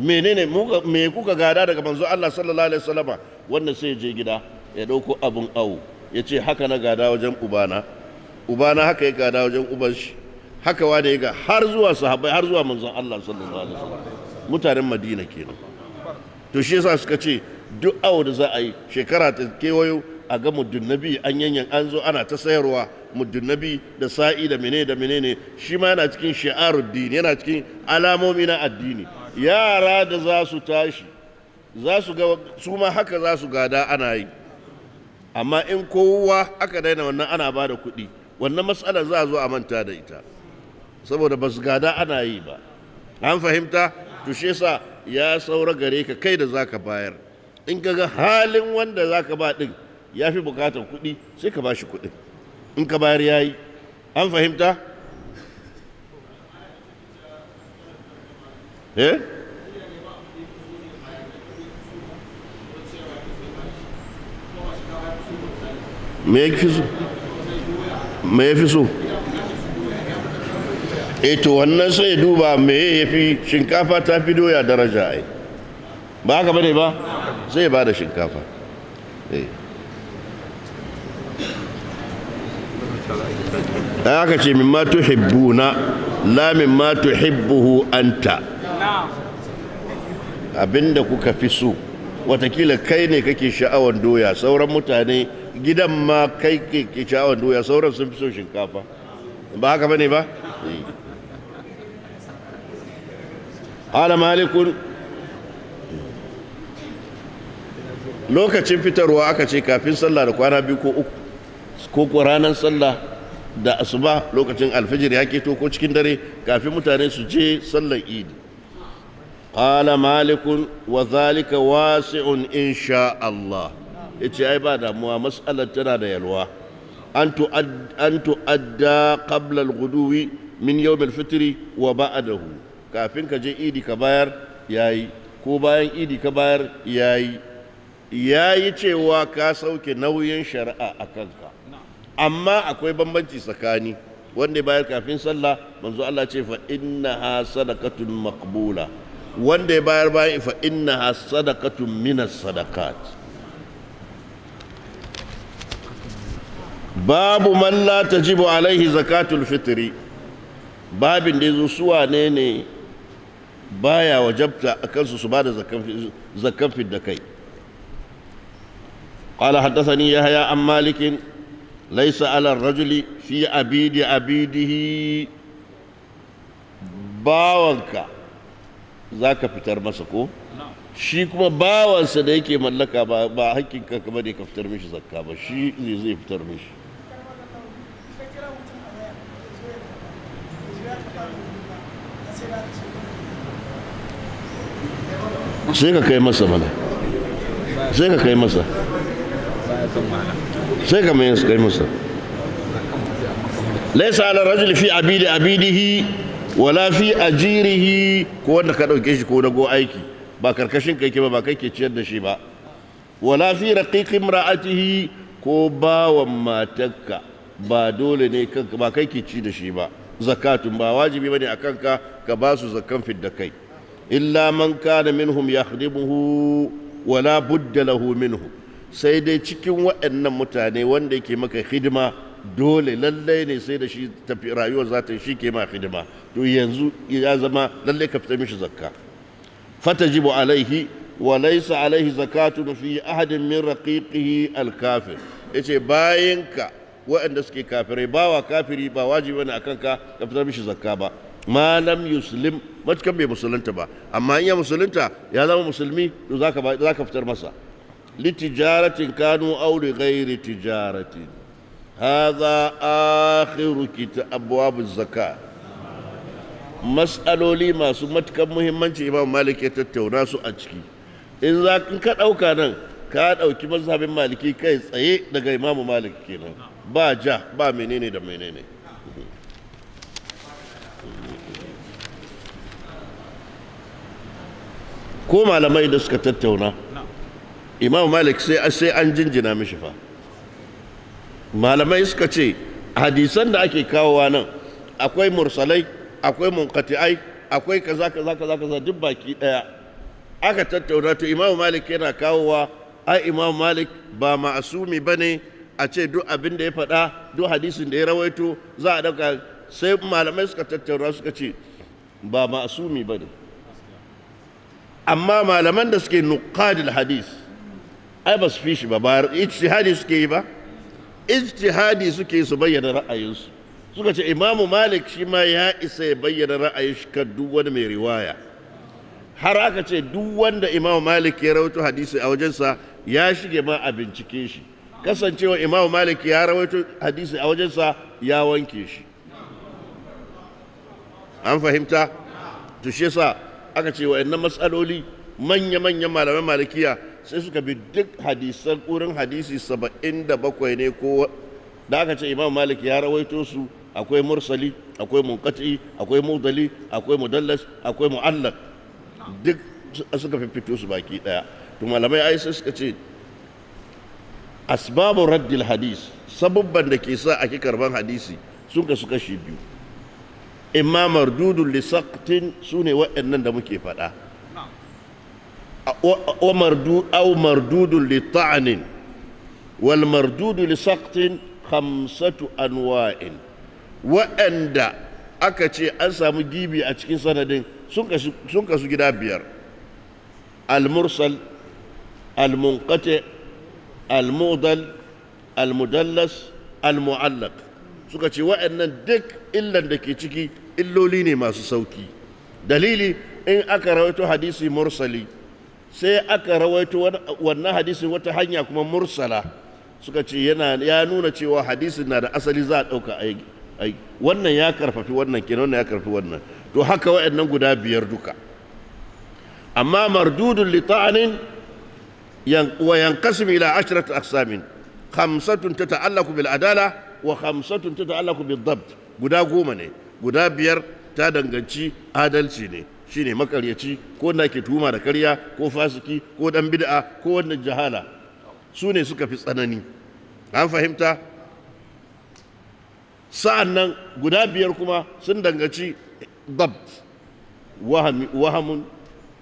menene me kuka gada daga manzo Allah sallallahu alaihi wasallama wannan sai je gida ya dauko abun awo ya ce haka na gada wajen ubana Uba na haka ya gada wajen uban shi haka wane ya ga har zuwa sahabai har zuwa manzon Allah sallallahu alaihi wasallam mutanen Madina kenan to shi yasa suka ce duk awo da za a yi shekara ta kewayo a ga nabi an yanyan an zo ana ta sayarwa nabi da sa'i da menene da menene shi ma yana cikin shi'arud din yana cikin alamomi na addini yara da za su tashi za su ga su ma haka za su gada ana yi amma in kowa aka daina wannan ana ba da kuɗi wannan matsalar za a zo a manta da ita saboda ba su gada ana yi ba an fahimta tushe sa ya saura gare ka kai da zaka bayar in ka ga halin wanda zaka ba din ya fi bukatar kuɗi sai ka ba shi kuɗi in ka bayar ya yi an fahimta eh? me ya me ya fi so e to wannan sai duba me ya fi shinkafa ta fi doya daraja ai ba haka bane ba sai ba da shinkafa eh. da aka ce min hibbu na la min ma an ta. abinda kuka fi so watakila kai ne kake sha'awar doya sauran mutane gidan ma kai ke sha'awar doya sauran sun fi so shinkafa ba haka bane ba ala malikun lokacin fitarwa aka ce kafin sallah da kwana biyu ko uku ko ranar sallah da asuba lokacin alfijir ya keto ko cikin dare kafin mutane su je sallar idi ala malikun wa zalika wasi'un insha Allah ya ce ai ba damuwa matsalar tana da yalwa an tu'adda qabla al-ghuduwi min yawm al-fitri wa ba'dahu kafin ka je idi ka bayar yayi ko bayan idi ka bayar yayi yayi cewa ka sauke nauyin shari'a a kanka amma akwai bambanci tsakani wanda ya bayar kafin sallah manzo Allah ce fa ha sadaqatun maqbula wanda ya bayar bayan fa ha sadaqatun minas sadaqat babu mallata la alaihi zakatun fitiri, babin da yazo suwa ne baya wajabta akan su su bada zakan zakan fit da kai قال حدثني يحيى laisa alan ليس على الرجل في عبيد عبيده باوانك ذاك فتر مسكو shi kuma bawansa da yake mallaka ba hakkinka ka da ka fitar mishi zakka ba shi zai fitar mishi sai ka kai masa mana sai ka kai masa sai ka mai kai masa laisa ala rajul fi abidi abidihi wala fi ajirihi ko wanda ka dauke shi ko dago aiki ba karkashin kai ke ba ba kai ke ciyar da shi ba wala fi raqiqi imra'atihi ko bawan matarka ba dole ne kanka ba kai ke ci da shi ba zakatun ba wajibi bane akan ka ka ba su zakan fidda kai illa man kana minhum yakhdimuhu wala budda lahu minhu sai dai cikin waɗannan mutane wanda yake maka hidima dole lallai ne sai da shi tafi rayuwar za ta shi ke ma hidima to yanzu ya zama lallai ka fita mishi zakka fatajibu alaihi wa laysa alaihi zakatun fi ahadin min raqiqihi alkafir yace bayanka waɗanda suke kafirai bawa kafiri ba wajibi ne akan ka ka fita mishi zakka ba malam yuslim matukan bai musulunta ba amma in ya musulunta ya zama musulmi to za ka fitar masa litijaratin kanu aure gairi tijaratin haza akhiru kita abuwa zaka matsaloli masu matukan muhimmanci imam malik ya tattauna su a ciki in za ka ɗauka nan ka ɗauki mazhabin maliki kai tsaye daga imamu malik kenan ba ja ba menene da menene ko malamai da suka tattauna imam malik sai an jinjina mishi fa malamai suka ce hadisan da ake kawowa nan akwai mursalai akwai munqati'ai akwai kaza kaza kaza kaza duk baki daya aka tattauna to imam malik yana kawowa ai imam malik ba ma'asumi bane a ce duk abin da ya faɗa duk hadisin da ya rawaito za a dauka sai malamai suka tattauna suka ce ba ma'asumi bane amma malaman da suke nuqadil hadis ai ba su fi shi ba ba ijtihadi suke yi ba ijtihadi suke su bayyana ra'ayinsu suka ce imamu malik shi ma ya isa ya bayyana ra'ayin shi kan duk wani mai riwaya har aka ce duk wanda imamu malik ya rawaito hadisi a wajensa ya shige ma a bincike shi kasancewa imamu malik ya rawaito hadisi a wajensa ya wanke shi an fahimta tushe sa aka ce wa'annan matsaloli manya-manyan malamai malikiya sai suka bi duk hadisan ƙurin hadisi saba'in da bakwai ne ko da aka ce imam malik ya rawaito su akwai mursali akwai munkati akwai mudali akwai mudallas akwai mu'allaq duk suka fito su baki daya to malamai ai sai suka ce asbabu raddil hadis sababban da ke sa ake karban hadisi sun kasu kashi biyu إما مردود لسقط سوني وإنن دمكي فدا نعم. أو مردود أو مردود لطعن والمردود لسقط خمسة أنواع وإن دا أكشي أنسى مجيبي أشكين سندين سونك سونك سجدا بير المرسل المنقطع المودل المدلس المعلق سونك شيء وإن دك illan da ke ciki illoli ne masu sauki dalili in aka rawaito hadisi mursali sai aka rawaito wannan hadisi wata hanya kuma mursala suka ce yana ya nuna cewa hadisin na da asali za a ɗauka aiki wannan ya karfafi wannan kenan wannan ya karfafi wannan to haka waɗannan guda biyar duka amma mardudun lita'anin wa yanqasim ila ashrati aqsamin khamsatun tata'allaqu bil adala wa khamsatun tata'allaqu bid dabt guda goma ne guda biyar ta danganci adalci ne shine makaryaci ko na ke tuhuma da karya ko fasiki ko dan bid'a ko wannan jahala su ne suka fi tsanani an fahimta sa'an nan guda biyar kuma sun danganci dabt wahamun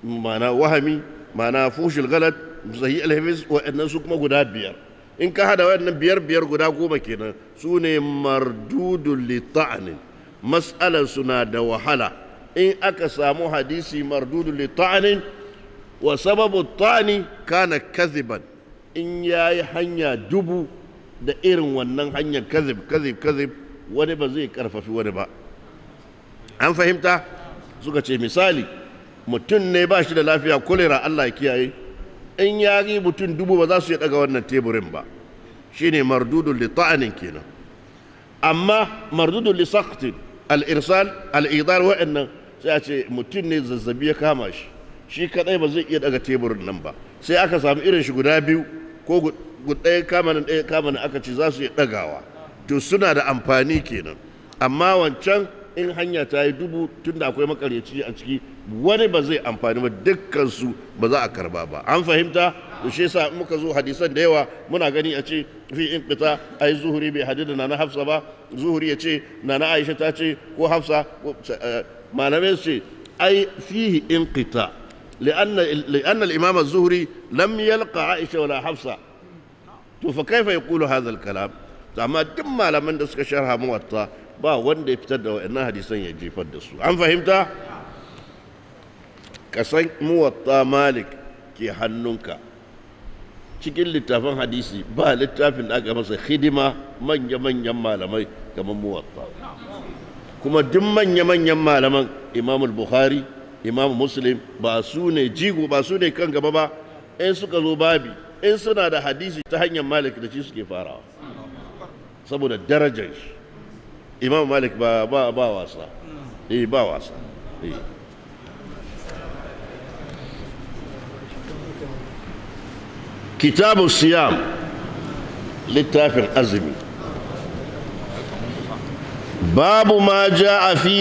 mana wahami mana fushil galat sahi alhamis wa'annan su kuma guda biyar in ka hada wannan biyar biyar guda goma kenan su ne mardudun lita'anin mas'alar suna da wahala in aka samu hadisi mardudun lita'anin wa sababu ta'ani kana kaziban in ya yi hanya dubu da irin wannan hanyar kazib kazib kazib wani ba zai karfafi wani ba an fahimta suka ce misali mutum ne ba shi da lafiya kulera allah ya kiyaye in ya yi mutum dubu ba za su iya daga wannan teburin ba ne mardudun li kenan amma mardudun li alirsal al’idar wa'annan sai a ce mutum ne zazzabi ya kama shi shi kadai ba zai iya daga teburin nan ba sai aka samu irin shi guda biyu ko ɗaya kamanin ɗaya kamanin aka ce za su iya dagawa to suna da amfani kenan amma wancan in hanya ta yi dubu tunda akwai makaryaci a ciki wani ba zai amfani ba dukkansu ba za a karba ba an fahimta to shi yasa muka zo hadisan da yawa muna gani a ce fi in fita ai zuhuri bai hadu da nana hafsa ba zuhuri ya ce nana aisha ta ce ko hafsa eh, malamai ce ai fihi in fita لأن الإمام الزهري لم يلقى عائشة ولا حفصة فكيف يقول هذا الكلام amma duk malaman da suka sharha muwatta ba wanda ya fitar da wa'annan hadisan ya jefar da su an fahimta ka san muwatta malik ke hannunka cikin littafin hadisi ba littafin da aka masa hidima manya-manyan malamai kamar muwatta kuma duk manya-manyan malaman imamul bukhari imam muslim ba su ne jigo ba su ne kan gaba ba in suka zo babi in suna da hadisi ta hanyar malik da shi suke farawa saboda darajar shi imam malik ba ba wasa ba wasa eh, eh. kitabu siyam littafin azumi babu ma ja a fi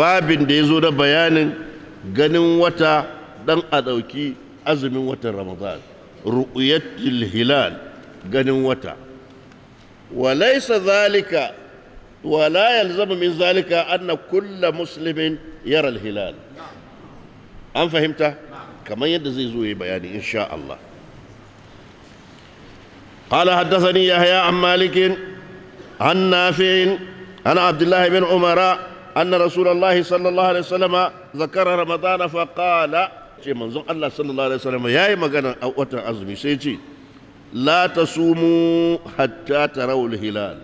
babin da ya zo da bayanin ganin wata dan a ɗauki azumin watan ramadan ru'uyatil ganin wata walaisa zalika wala yalzamu min zalika anna kulla muslimin yara hilal an fahimta kamar yadda zai zo yi bayani insha Allah قال حدثني يحيى عن مالك عن نافع عن عبد الله بن عمر أن رسول الله صلى الله عليه وسلم ذكر رمضان فقال شيء منظر الله صلى الله عليه وسلم يا مغانا أو وتر أزمي سيتي لا تصوموا حتى تروا الهلال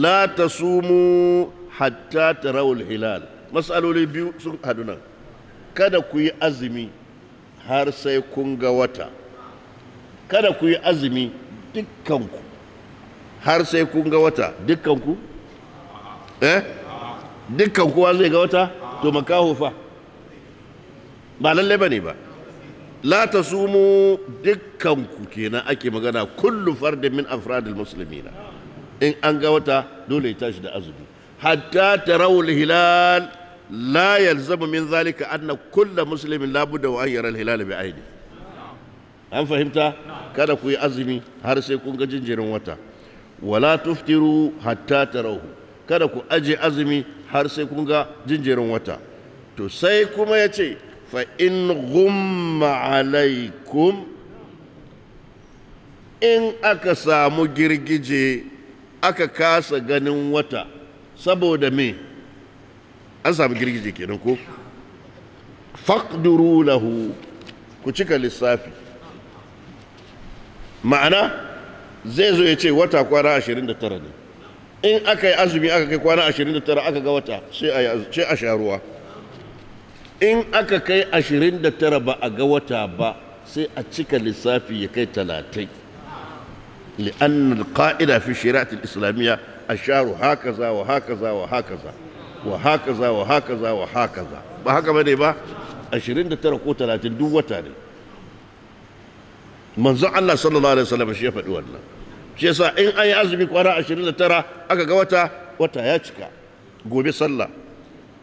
لا تصوموا حتى تروا الهلال مسألة لي بيو سن هدنا kada ku yi azumi har sai kun ga wata kada ku yi azumi dukkanku har sai kun ga wata dukkanku eh dukkanku wa zai ga wata to makaho fa ba lalle ba ne ba la ta sumu dukkanku kenan ake magana kullu fardin min afradil muslimina in an ga wata dole ya tashi da azumi hatta tarawul hilal la yalzamu min zalika anna kullu muslimin la budda wa ayyara al-hilal bi an fahimta kada ku yi azumi har sai kun ga jinjirin wata wala tuftiru hatta tarahu kada ku aje azumi har sai kun ga jinjirin wata to sai kuma ya ce fa in ghumma alaikum in aka samu girgije aka kasa ganin wata saboda me an samu girgije kenan ko faqduru lahu ku cika lissafi ma'ana zai zo ya ce wata kwana 29 ne in aka yi azumi aka kai kwana 29 aka ga wata sai a sha ruwa in aka kai 29 ba a ga wata ba sai a cika lissafi ya kai 30 li'an al-qa'ida fi shari'atul islamiyya haka hakaza wa hakaza wa hakaza wa haka za wa haka za wa haka za ba haka bane ba 29 ko 30 duk wata ne manzon Allah sallallahu alaihi wasallam shi ya faɗi wannan shi yasa in an yi azumi kwana 29 aka ga wata wata ya cika gobe sallah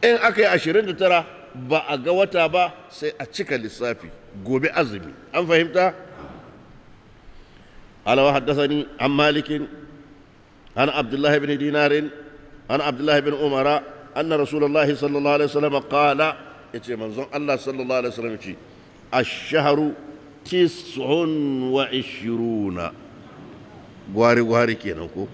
in aka yi 29 ba a ga wata ba sai a cika lissafi gobe azumi an fahimta Ala وحدثني عن مالك عن عبد الله بن دينار عن عبد الله بن عمر أن رسول الله صلى الله عليه وسلم قال يتي منظم الله صلى الله عليه وسلم يتي الشهر تسع وعشرون غواري غواري كينكو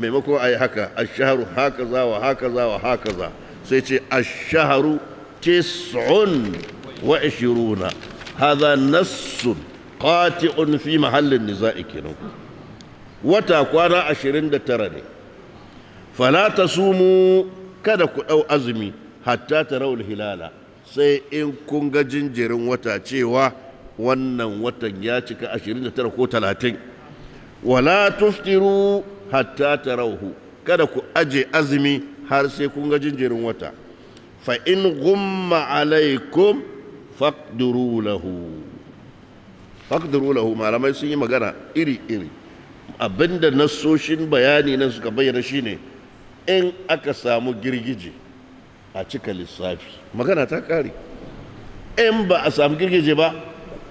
maimako a yi haka ashaharu haka za wa haka za wa haka za sai ce ashaharu tis'un wa ishiruna haza nassun qati'un fi mahallin niza'i kenan wata kwana ashirin da tara ne fala tasumu kada ku ɗau azumi hatta ta raul hilala sai in kun ga jinjirin wata cewa wannan watan ya cika 29 ko 30 wala tuftiru hatta ta rauhu kada ku aje azumi har sai kun ga jinjirin wata fa in gumma alaikum faqduru lahu faqduru lahu malamai sun yi magana iri iri abinda nasoshin bayani nan suka bayyana shine ne in aka samu girgije a cika lissafi magana ta kare in ba a samu girgije ba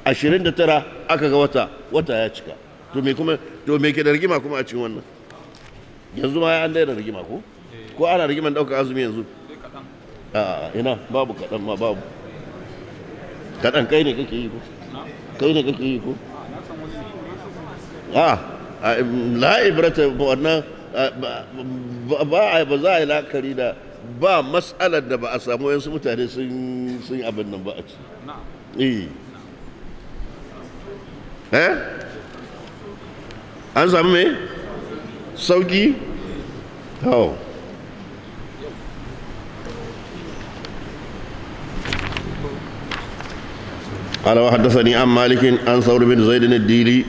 29 aka ga wata wata ya cika to me kuma to me ke da rigima kuma a cikin wannan yanzu ma ya an daina rigima ko ko ana rigiman dauka azumi yanzu a ina babu kaɗan ma babu kaɗan kai ne kake yi ko kai ne kake yi ko a la ibrata wannan ba ba za a yi lakari da ba matsalar da ba a samu yansu mutane sun abin nan ba a ci eh. eh an samu me sauki hau قال وحدثني عن مالك عن ثور بن زيد الديلي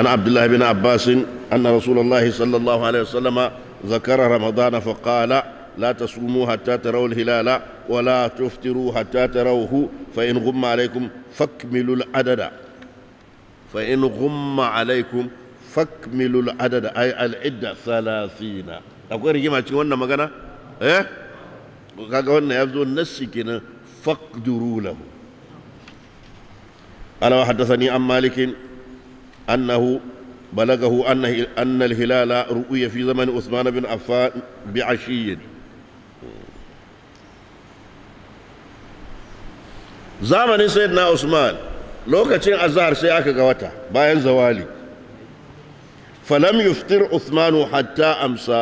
عن عبد الله بن عباس أن رسول الله صلى الله عليه وسلم ذكر رمضان فقال لا تصوموا حتى تروا الهلال ولا تفطروا حتى تروه فإن غم عليكم فاكملوا العدد فإن غم عليكم فاكملوا العدد أي العدة ثلاثين أقول تقول تقولنا مغانا إيه وكاكونا يبدو نسكنا فاقدروا له أنا وحدثني عن مالك أنه بلغه أن أن الهلال رؤي في زمن عثمان بن عفان بعشي zamanin sayyidina usman lokacin azar sai aka ga wata bayan zawali falam yuftir usmanu hatta amsa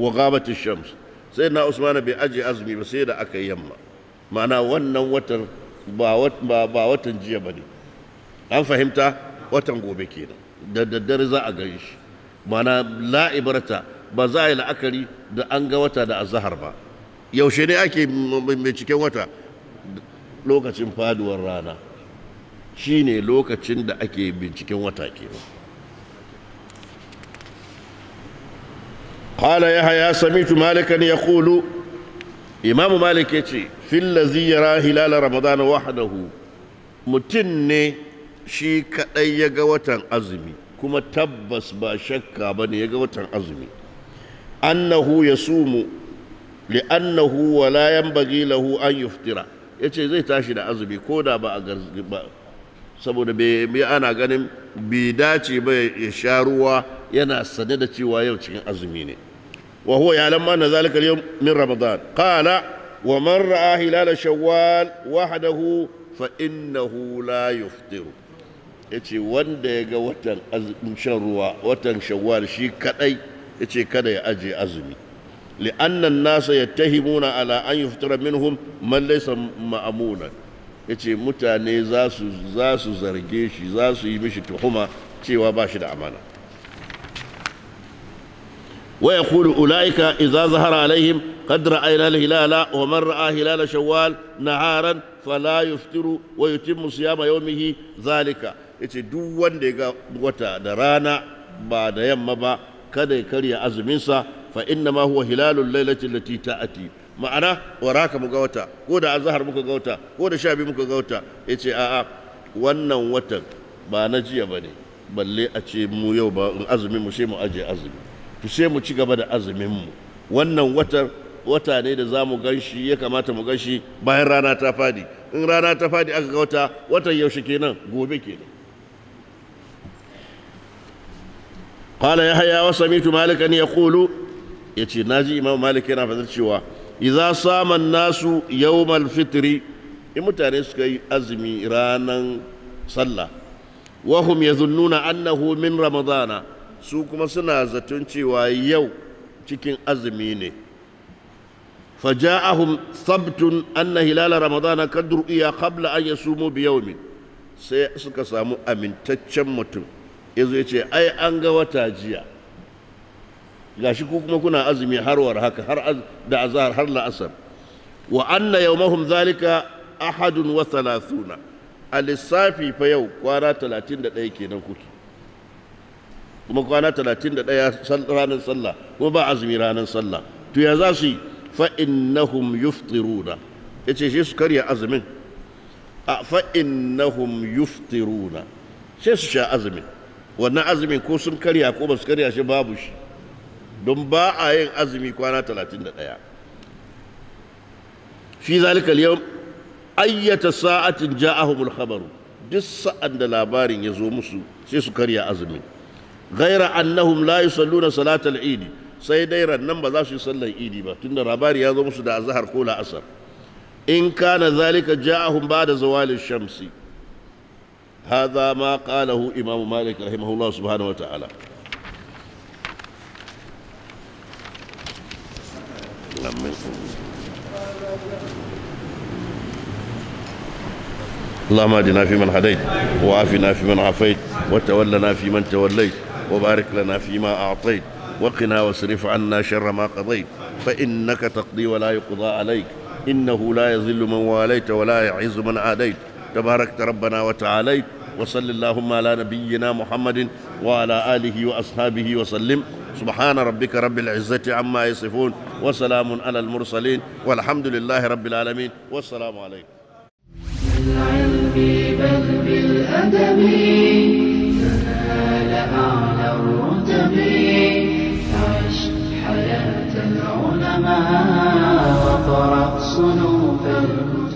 wa ghabat shams sayyidina usman bai ajiye azumi ba sai da aka yamma ma'ana wannan watan ba watan jiya an fahimta watan gobe kenan da daddare za a gani shi mana la'ibarta ba za a yi la'akari da an ga wata da azahar ba yaushe ne ake binciken wata lokacin faduwar rana shi ne lokacin da ake binciken wata ke samitu قال يحيى imamu malik يقول امام مالك يجي ya ra hilala Ramadana wahadahu, mutum ne. shi kaɗai ya ga watan azumi kuma tabbas ba shakka ba ne ya ga watan azumi annahu ya sumu li'annahu wa la yanbaghi lahu an yuftira yace zai tashi da azumi ko da ba a garzi ba saboda bai ana ganin bai dace ba ya sha ruwa yana sane da cewa yau cikin azumi ne wa huwa ya lamma na zalika yau min ramadan qala wa man ra'a hilal shawwal wahdahu fa innahu la yuftiru ya ce wanda ya ga watan shan ruwa watan shawwal shi kadai ya ce kada ya aje azumi li'annan nasa ya tahimuna ala an yi fitar minhum man laisa ma'amunan ya ce mutane za su zarge shi za su yi mishi tuhuma cewa ba shi da amana wa ya kuri ula'ika iza zahara alaihim kadra ainihin hilala wa man ra'a hilala shawwal naharan fala yuftiru wa yutimmu siyama zalika yace duk wanda ya ga wata da rana ba da yamma ba kada ya karya azuminsa fa inna ma huwa hilalul lailati allati ta'ati ma'ana waraka muga wata ko da azhar muka ga wata ko da shabi muka ga wata yace a'a wannan watan ba na jiya bane balle a ce mu yau ba azumin mu sai mu aje azumi to sai mu ci gaba da azumin mu wannan watan wata ne da zamu mu ya kamata mu ganshi bayan rana ta fadi in rana ta fadi aka ga wata watan yaushe kenan gobe kenan قال يحيى وسمعت مالكا يقول يتي ناجي امام مالك yana fadar cewa idza sama nasu yawmal fitiri. in mutane suka yi azumi ranan sallah Wahum hum yazunnuna annahumin min su kuma suna zaton cewa yau cikin azumi ne فجاءهم ثبت أن هلال رمضان قد رؤيا قبل أن يصوموا بيوم suka samu amintaccen mutum. ya zo ya ce ai an ga wata jiya gashi ko kuma kuna azumi har war haka har da azhar har la'asar wa anna yawmahum zalika ahadun wa thalathuna a lissafi fa yau kwana 31 kenan kuke kuma kwana 31 ranar sallah kuma ba azumi ranar sallah to ya za su yi fa innahum yuftiruna yace shi su karya azumin a fa innahum yuftiruna sai su sha azumin wannan azumin ko sun karya ko ba su karya shi babu shi don ba a yin azumi kwana 31 fi zalika yau ayyata sa'atin ja'ahumul khabaru duk sa'an da labarin ya zo musu sai su karya azumi. ghaira annahum la yusalluna salatal idi sai dai rannan ba za su yi sallar idi ba tunda labari ya zo musu da azhar ko la'asar in kana zalika ja'ahum ba da zawalin shamsi هذا ما قاله إمام مالك رحمه الله سبحانه وتعالى اللهم اهدنا فيمن هديت وعافنا فيمن عافيت وتولنا فيمن توليت وبارك لنا فيما أعطيت وقنا واصرف عنا شر ما قضيت فإنك تقضي ولا يقضى عليك إنه لا يذل من واليت ولا يعز من عاديت تباركت ربنا وتعاليت وصل اللهم على نبينا محمد وعلى آله وأصحابه وسلم سبحان ربك رب العزة عما يصفون وسلام على المرسلين والحمد لله رب العالمين والسلام عليكم بالعلم بل بالأدب تنال أعلى الرتب عش حياة العلماء وقرأ صنوف الكتب